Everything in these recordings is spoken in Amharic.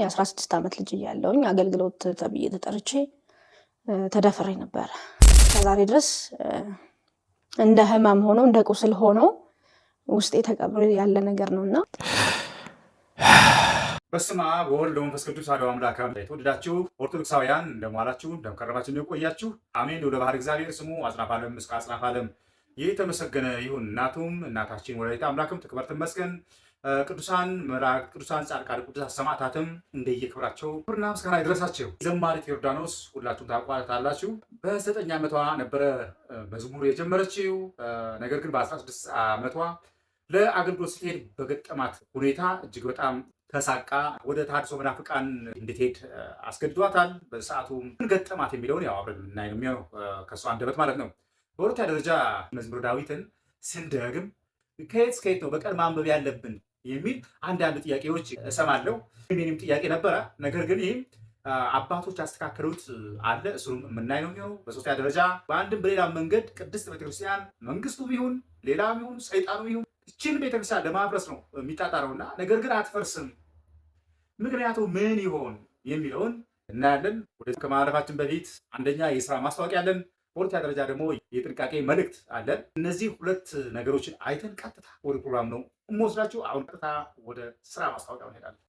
የአስራ ስድስት ዓመት ልጅ እያለውኝ አገልግሎት ተብዬ ተጠርቼ ተደፍሬ ነበረ። ከዛሬ ድረስ እንደ ህመም ሆኖ እንደ ቁስል ሆኖ ውስጤ ተቀብሮ ያለ ነገር ነው እና በስመ አብ ወወልድ ወመንፈስ ቅዱስ አሐዱ አምላክ የተወደዳችሁ ኦርቶዶክሳውያን እንደሟላችሁ እንደምከረማችሁ እንደቆያችሁ አሜን። ወደ ባህር እግዚአብሔር ስሙ አጽናፍ ዓለም እስከ አጽናፍ ዓለም ይህ የተመሰገነ ይሁን። እናቱም እናታችን ወላዲተ አምላክም ትክበር ትመስገን። ቅዱሳን መላእክት፣ ቅዱሳን ጻድቃን፣ ቅዱሳን ሰማዕታትም እንደየክብራቸው ክብርና ምስጋና ይድረሳቸው። ዘማሪት ዮርዳኖስ ሁላችሁም ታቋታላችሁ። በዘጠኝ ዓመቷ ነበረ መዝሙር የጀመረችው። ነገር ግን በ16 ዓመቷ ለአገልግሎት ስትሄድ በገጠማት ሁኔታ እጅግ በጣም ተሳቃ ወደ ተሐድሶ መናፍቃን እንድትሄድ አስገድዷታል። በሰዓቱ ምን ገጠማት የሚለውን ያው አብረን የምናይ ነው የሚሆነው ከእሷ አንደበት ማለት ነው። በሁለተኛ ደረጃ መዝሙር ዳዊትን ስንደግም ከየት እስከየት ነው በቀን ማንበብ ያለብን የሚል አንዳንድ ጥያቄዎች እሰማለሁ። የኔም ጥያቄ ነበረ። ነገር ግን ይህም አባቶች ያስተካከሉት አለ። እሱም የምናይ ነው የሚሆነው። በሶስተኛ ደረጃ በአንድም በሌላ መንገድ ቅድስት ቤተክርስቲያን መንግስቱ ቢሆን ሌላ ቢሆን ሰይጣኑ ቢሆን እችን ቤተክርስቲያን ለማፍረስ ነው የሚጣጣረውና ነገር ግን አትፈርስም። ምክንያቱ ምን ይሆን የሚለውን እናያለን። ወደ ከማረፋችን በፊት አንደኛ የስራ ማስታወቂያ አለን። በሁለተኛ ደረጃ ደግሞ የጥንቃቄ መልእክት አለን። እነዚህ ሁለት ነገሮችን አይተን ቀጥታ ወደ ፕሮግራም ነው እምወስዳችሁ። አሁን ቀጥታ ወደ ስራ ማስታወቂያ እንሄዳለን።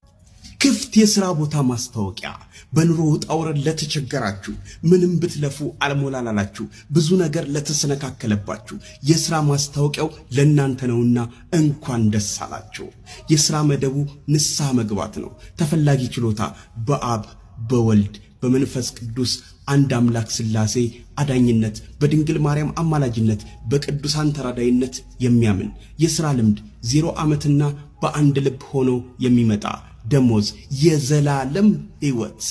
ክፍት የስራ ቦታ ማስታወቂያ። በኑሮ ውጣ ውረድ ለተቸገራችሁ፣ ምንም ብትለፉ አልሞላላላችሁ፣ ብዙ ነገር ለተሰነካከለባችሁ የስራ ማስታወቂያው ለእናንተ ነውና እንኳን ደስ አላችሁ። የስራ መደቡ ንስሐ መግባት ነው። ተፈላጊ ችሎታ በአብ በወልድ በመንፈስ ቅዱስ አንድ አምላክ ሥላሴ አዳኝነት በድንግል ማርያም አማላጅነት በቅዱሳን ተራዳይነት የሚያምን የሥራ ልምድ ዜሮ ዓመትና በአንድ ልብ ሆኖ የሚመጣ ደሞዝ የዘላለም ሕይወት፣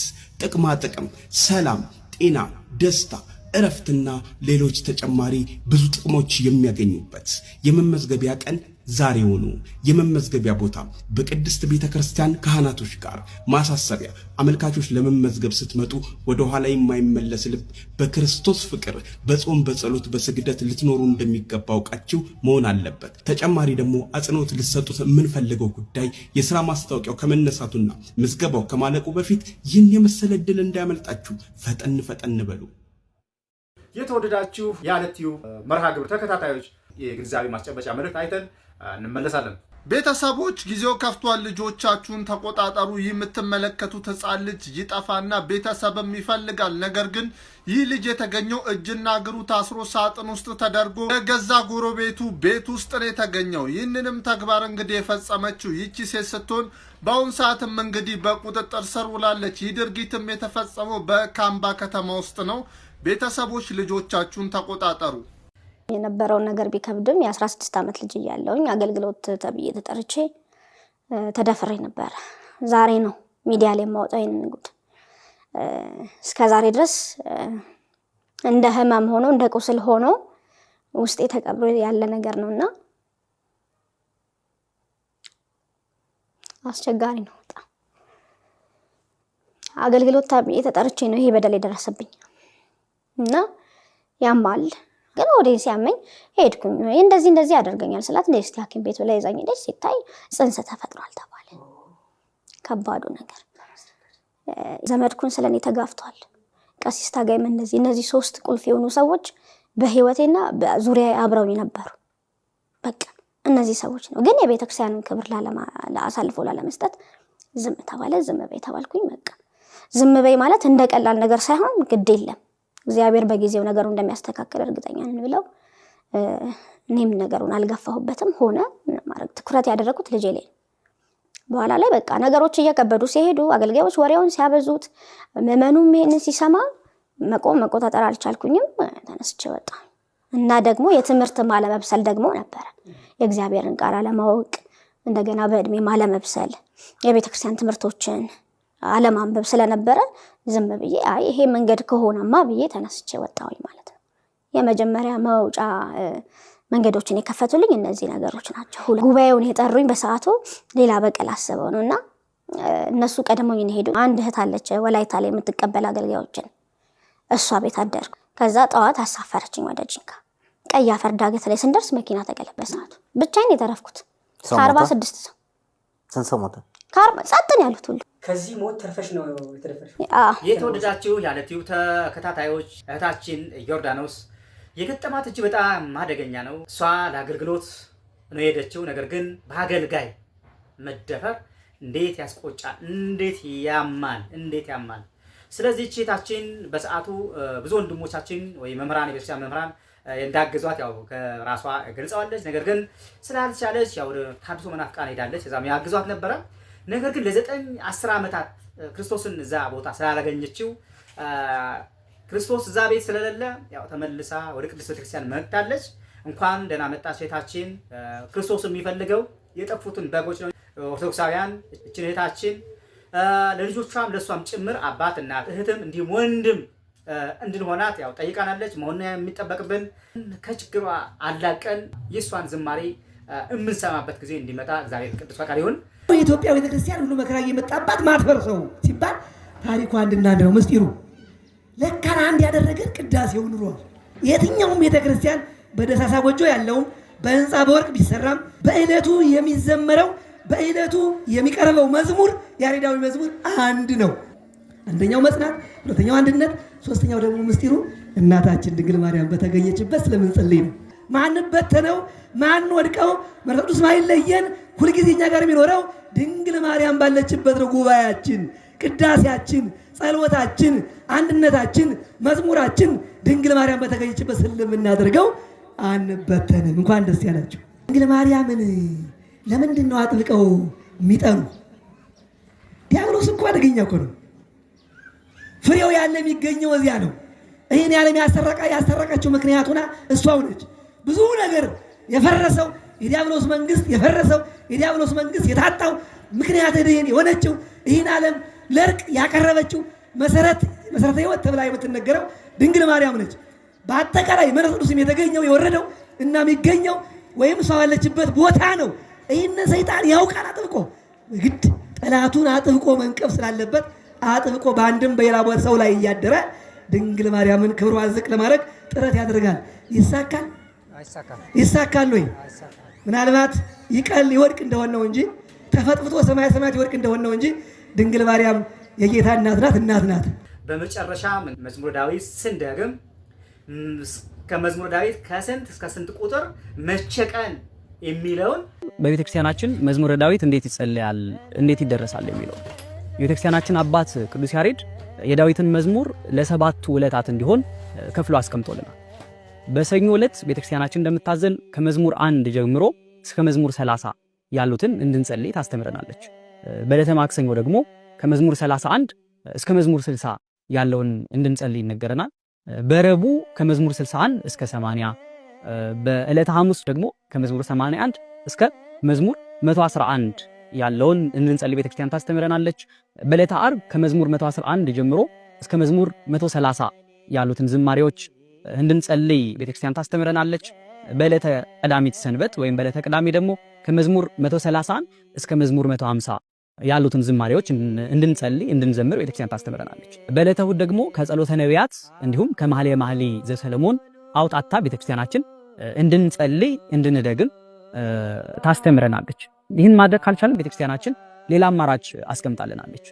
ጥቅማ ጥቅም፣ ሰላም፣ ጤና፣ ደስታ እረፍትና ሌሎች ተጨማሪ ብዙ ጥቅሞች የሚያገኙበት የመመዝገቢያ ቀን ዛሬውኑ የመመዝገቢያ ቦታ በቅድስት ቤተ ክርስቲያን ካህናቶች ጋር ማሳሰቢያ፣ አመልካቾች ለመመዝገብ ስትመጡ ወደ ኋላ የማይመለስ ልብ በክርስቶስ ፍቅር በጾም በጸሎት በስግደት ልትኖሩ እንደሚገባ አውቃችሁ መሆን አለበት። ተጨማሪ ደግሞ አጽንኦት ልትሰጡት የምንፈልገው ጉዳይ የስራ ማስታወቂያው ከመነሳቱና ምዝገባው ከማለቁ በፊት ይህን የመሰለ እድል እንዳያመልጣችሁ ፈጠን ፈጠን በሉ። የተወደዳችሁ የአለትዩ መርሃ ግብር ተከታታዮች የግንዛቤ ማስጨበጫ መልእክት አይተን እንመለሳለን። ቤተሰቦች ጊዜው ከፍቷል፣ ልጆቻችሁን ተቆጣጠሩ። የምትመለከቱት ሕፃን ልጅ ይጠፋና ቤተሰብም ይፈልጋል። ነገር ግን ይህ ልጅ የተገኘው እጅና እግሩ ታስሮ ሳጥን ውስጥ ተደርጎ የገዛ ጎረቤቱ ቤት ውስጥ ነው የተገኘው። ይህንንም ተግባር እንግዲህ የፈጸመችው ይቺ ሴት ስትሆን በአሁኑ ሰዓትም እንግዲህ በቁጥጥር ስር ውላለች። ይህ ድርጊትም የተፈጸመው በካምባ ከተማ ውስጥ ነው። ቤተሰቦች ልጆቻችሁን ተቆጣጠሩ። የነበረውን ነገር ቢከብድም የአስራስድስት 16 ዓመት ልጅ እያለውኝ አገልግሎት ተብዬ ተጠርቼ ተደፍሬ ነበረ። ዛሬ ነው ሚዲያ ላይ የማወጣው ይህንን ጉድ። እስከ ዛሬ ድረስ እንደ ህመም ሆኖ እንደ ቁስል ሆኖ ውስጤ ተቀብሮ ያለ ነገር ነው እና አስቸጋሪ ነው በጣም። አገልግሎት ተብዬ ተጠርቼ ነው ይሄ በደል የደረሰብኝ እና ያማል። ግን ወዴን ሲያመኝ ሄድኩኝ። እንደዚህ እንደዚህ ያደርገኛል ስላት እንደ ስቲ ሐኪም ቤት ብላ ይዛኝ ሄደች። ሲታይ ጽንስ ተፈጥሯል ተባለ። ከባዱ ነገር ዘመድኩን ስለኔ ተጋፍቷል። ቀሲስ ታጋይም እነዚህ እነዚህ ሶስት ቁልፍ የሆኑ ሰዎች በህይወቴና በዙሪያ አብረውኝ ነበሩ። በቃ እነዚህ ሰዎች ነው። ግን የቤተክርስቲያንን ክብር አሳልፎ ላለመስጠት ዝም ተባለ። ዝም በይ ተባልኩኝ። በቃ ዝም በይ ማለት እንደ ቀላል ነገር ሳይሆን ግድ የለም እግዚአብሔር በጊዜው ነገሩ እንደሚያስተካከል እርግጠኛ ነን ብለው እኔም ነገሩን አልገፋሁበትም። ሆነ ማድረግ ትኩረት ያደረጉት ልጄ ላይ በኋላ ላይ በቃ ነገሮች እየከበዱ ሲሄዱ አገልጋዮች ወሬውን ሲያበዙት ምዕመኑም ይሄንን ሲሰማ መቆም መቆጣጠር አልቻልኩኝም። ተነስቼ ወጣ እና ደግሞ የትምህርት ማለመብሰል ደግሞ ነበረ። የእግዚአብሔርን ቃል አለማወቅ እንደገና በእድሜ ማለመብሰል የቤተክርስቲያን ትምህርቶችን አለማንበብ ስለነበረ ዝም ብዬ አይ ይሄ መንገድ ከሆነማ ብዬ ተነስቼ ወጣሁኝ ማለት ነው። የመጀመሪያ መውጫ መንገዶችን የከፈቱልኝ እነዚህ ነገሮች ናቸው። ጉባኤውን የጠሩኝ በሰዓቱ ሌላ በቀል አስበው ነው እና እነሱ ቀድሞኝ ሄዱ። አንድ እህት አለች ወላይታ ላይ የምትቀበል አገልጋዮችን፣ እሷ ቤት አደርኩ። ከዛ ጠዋት አሳፈረችኝ ወደ ጅንካ። ቀይ አፈር ዳገት ላይ ስንደርስ መኪና ተገለበ። ሰዓቱ ብቻዬን የተረፍኩት ከአርባ ስድስት ሰው ጸጥን ያሉት ሁሉ ከዚህ ሞት ተርፈሽ ነው የተደፈርሽው። የተወደዳችሁ ያለ ቲዩብ ተከታታዮች እህታችን ዮርዳኖስ የገጠማት እጅ በጣም አደገኛ ነው። እሷ ለአገልግሎት ነው የሄደችው። ነገር ግን በአገልጋይ መደፈር እንዴት ያስቆጫል! እንዴት ያማል! እንዴት ያማል! ስለዚህ እህታችን በሰዓቱ ብዙ ወንድሞቻችን ወይ መምህራን፣ የቤተክርስቲያን መምህራን እንዳገዟት ያው ከራሷ ገልጸዋለች። ነገር ግን ስላልቻለች ያው ታድሶ መናፍቃን ሄዳለች። እዛም ያግዟት ነበረ ነገር ግን ለዘጠኝ አስር ዓመታት ክርስቶስን እዛ ቦታ ስላላገኘችው ክርስቶስ እዛ ቤት ስለሌለ ያው ተመልሳ ወደ ቅድስት ቤተክርስቲያን መጥታለች። እንኳን ደህና መጣች እህታችን። ክርስቶስ የሚፈልገው የጠፉትን በጎች ነው። ኦርቶዶክሳውያን እችን እህታችን ለልጆቿም ለእሷም ጭምር አባት፣ እናት፣ እህትም እንዲሁም ወንድም እንድንሆናት ያው ጠይቃናለች። መሆን የሚጠበቅብን ከችግሯ አላቀን የእሷን ዝማሬ የምንሰማበት ጊዜ እንዲመጣ እግዚአብሔር ቅዱስ ፈቃድ ይሁን። የኢትዮጵያ ቤተክርስቲያን ሁሉ መከራ እየመጣባት ማትበር ሲባል ታሪኩ አንድና አንድ ነው። ምስጢሩ ለካን አንድ ያደረገን ቅዳሴው ኑሯል። የትኛውም ቤተክርስቲያን በደሳሳ ጎጆ ያለውም በህንፃ በወርቅ ቢሰራም በዕለቱ የሚዘመረው በዕለቱ የሚቀርበው መዝሙር ያሬዳዊ መዝሙር አንድ ነው። አንደኛው መጽናት፣ ሁለተኛው አንድነት፣ ሶስተኛው ደግሞ ምስጢሩ እናታችን ድንግል ማርያም በተገኘችበት ስለምንጸልይ ነው። ማን በተነው? ማን ወድቀው? መንፈስ ቅዱስ ማይለየን ሁልጊዜ እኛ ጋር የሚኖረው ድንግል ማርያም ባለችበት ነው። ጉባኤያችን፣ ቅዳሴያችን፣ ጸሎታችን፣ አንድነታችን፣ መዝሙራችን ድንግል ማርያም በተገኘችበት እናደርገው አንበተንም። እንኳን ደስ ያላችሁ። ድንግል ማርያምን ለምንድን ነው አጥብቀው የሚጠኑ? ዲያብሎስ እኮ አደገኛ እኮ ነው። ፍሬው ያለ የሚገኘው እዚያ ነው። ይህን ያለም ያሰረቃቸው ምክንያቱና እሷ ነች። ብዙ ነገር የፈረሰው የዲያብሎስ መንግስት የፈረሰው የዲያብሎስ መንግስት የታጣው ምክንያት ድህን የሆነችው ይህን ዓለም ለእርቅ ያቀረበችው መሰረት መሰረተ ህይወት ተብላ የምትነገረው ድንግል ማርያም ነች። በአጠቃላይ መንፈስ ቅዱስም የተገኘው የወረደው እና የሚገኘው ወይም ሰው ያለችበት ቦታ ነው። ይህን ሰይጣን ያውቃል አጥብቆ ግድ ጠላቱን አጥብቆ መንቀፍ ስላለበት አጥብቆ በአንድም በሌላ ሰው ላይ እያደረ ድንግል ማርያምን ክብሯን ዝቅ ለማድረግ ጥረት ያደርጋል። ይሳካል? ይሳካል ወይ? ምናልባት ይቀል ይወድቅ እንደሆነ ነው እንጂ ተፈጥፍቶ ሰማያ ሰማያት ይወድቅ እንደሆነ ነው እንጂ ድንግል ማርያም የጌታ እናት ናት፣ እናት ናት። በመጨረሻ መዝሙረ ዳዊት ስንደግም ከመዝሙረ ዳዊት ከስንት እስከ ስንት ቁጥር መቼ ቀን የሚለውን በቤተ ክርስቲያናችን መዝሙረ ዳዊት እንዴት ይጸለያል፣ እንዴት ይደረሳል የሚለው የቤተ ክርስቲያናችን አባት ቅዱስ ያሬድ የዳዊትን መዝሙር ለሰባቱ ዕለታት እንዲሆን ከፍሎ አስቀምጦልናል። በሰኞ ዕለት ቤተክርስቲያናችን እንደምታዘን ከመዝሙር አንድ ጀምሮ እስከ መዝሙር 30 ያሉትን እንድንጸልይ ታስተምረናለች። በዕለተ ማክሰኞ ደግሞ ከመዝሙር 31 እስከ መዝሙር 60 ያለውን እንድንጸልይ ይነገረናል። በረቡ ከመዝሙር 61 እስከ 80፣ በዕለተ ሐሙስ ደግሞ ከመዝሙር 81 እስከ መዝሙር 111 ያለውን እንድንጸልይ ቤተክርስቲያን ታስተምረናለች። በዕለተ ዓርብ ከመዝሙር 111 ጀምሮ እስከ መዝሙር 130 ያሉትን ዝማሬዎች እንድንጸልይ ቤተክርስቲያን ታስተምረናለች። በዕለተ ቀዳሚት ሰንበት ወይም በዕለተ ቅዳሜ ደግሞ ከመዝሙር 130 እስከ መዝሙር 150 ያሉትን ዝማሬዎች እንድንጸልይ እንድንዘምር ቤተክርስቲያን ታስተምረናለች። በዕለተ እሑድ ደግሞ ከጸሎተ ነቢያት እንዲሁም ከማህሌ መኃልይ ዘሰለሞን አውጣታ ቤተክርስቲያናችን እንድንጸልይ እንድንደግም ታስተምረናለች። ይህን ማድረግ ካልቻለን ቤተክርስቲያናችን ሌላ አማራጭ አስቀምጣልናለች።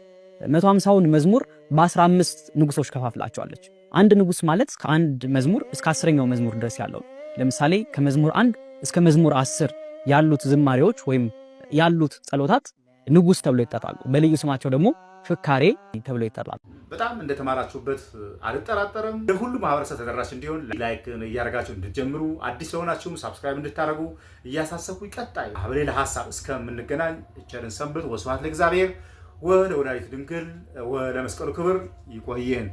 150ውን መዝሙር በ15 ንጉሶች ከፋፍላቸዋለች። አንድ ንጉስ ማለት ከአንድ መዝሙር እስከ አስረኛው መዝሙር ድረስ ያለው ለምሳሌ ከመዝሙር አንድ እስከ መዝሙር አስር ያሉት ዝማሬዎች ወይም ያሉት ጸሎታት ንጉስ ተብሎ ይጠራሉ። በልዩ ስማቸው ደግሞ ፍካሬ ተብሎ ይጠራሉ። በጣም እንደተማራችሁበት አልጠራጠርም። ለሁሉ ማህበረሰብ ተደራሽ እንዲሆን ላይክ እያደረጋችሁ እንድትጀምሩ፣ አዲስ ለሆናችሁም ሳብስክራይብ እንድታደርጉ እያሳሰብኩ ይቀጣይ አብሬ ለሀሳብ እስከምንገናኝ ቸርን ሰንብት። ወስብሐት ለእግዚአብሔር ወለወላዲቱ ድንግል ወለመስቀሉ ክብር። ይቆየን።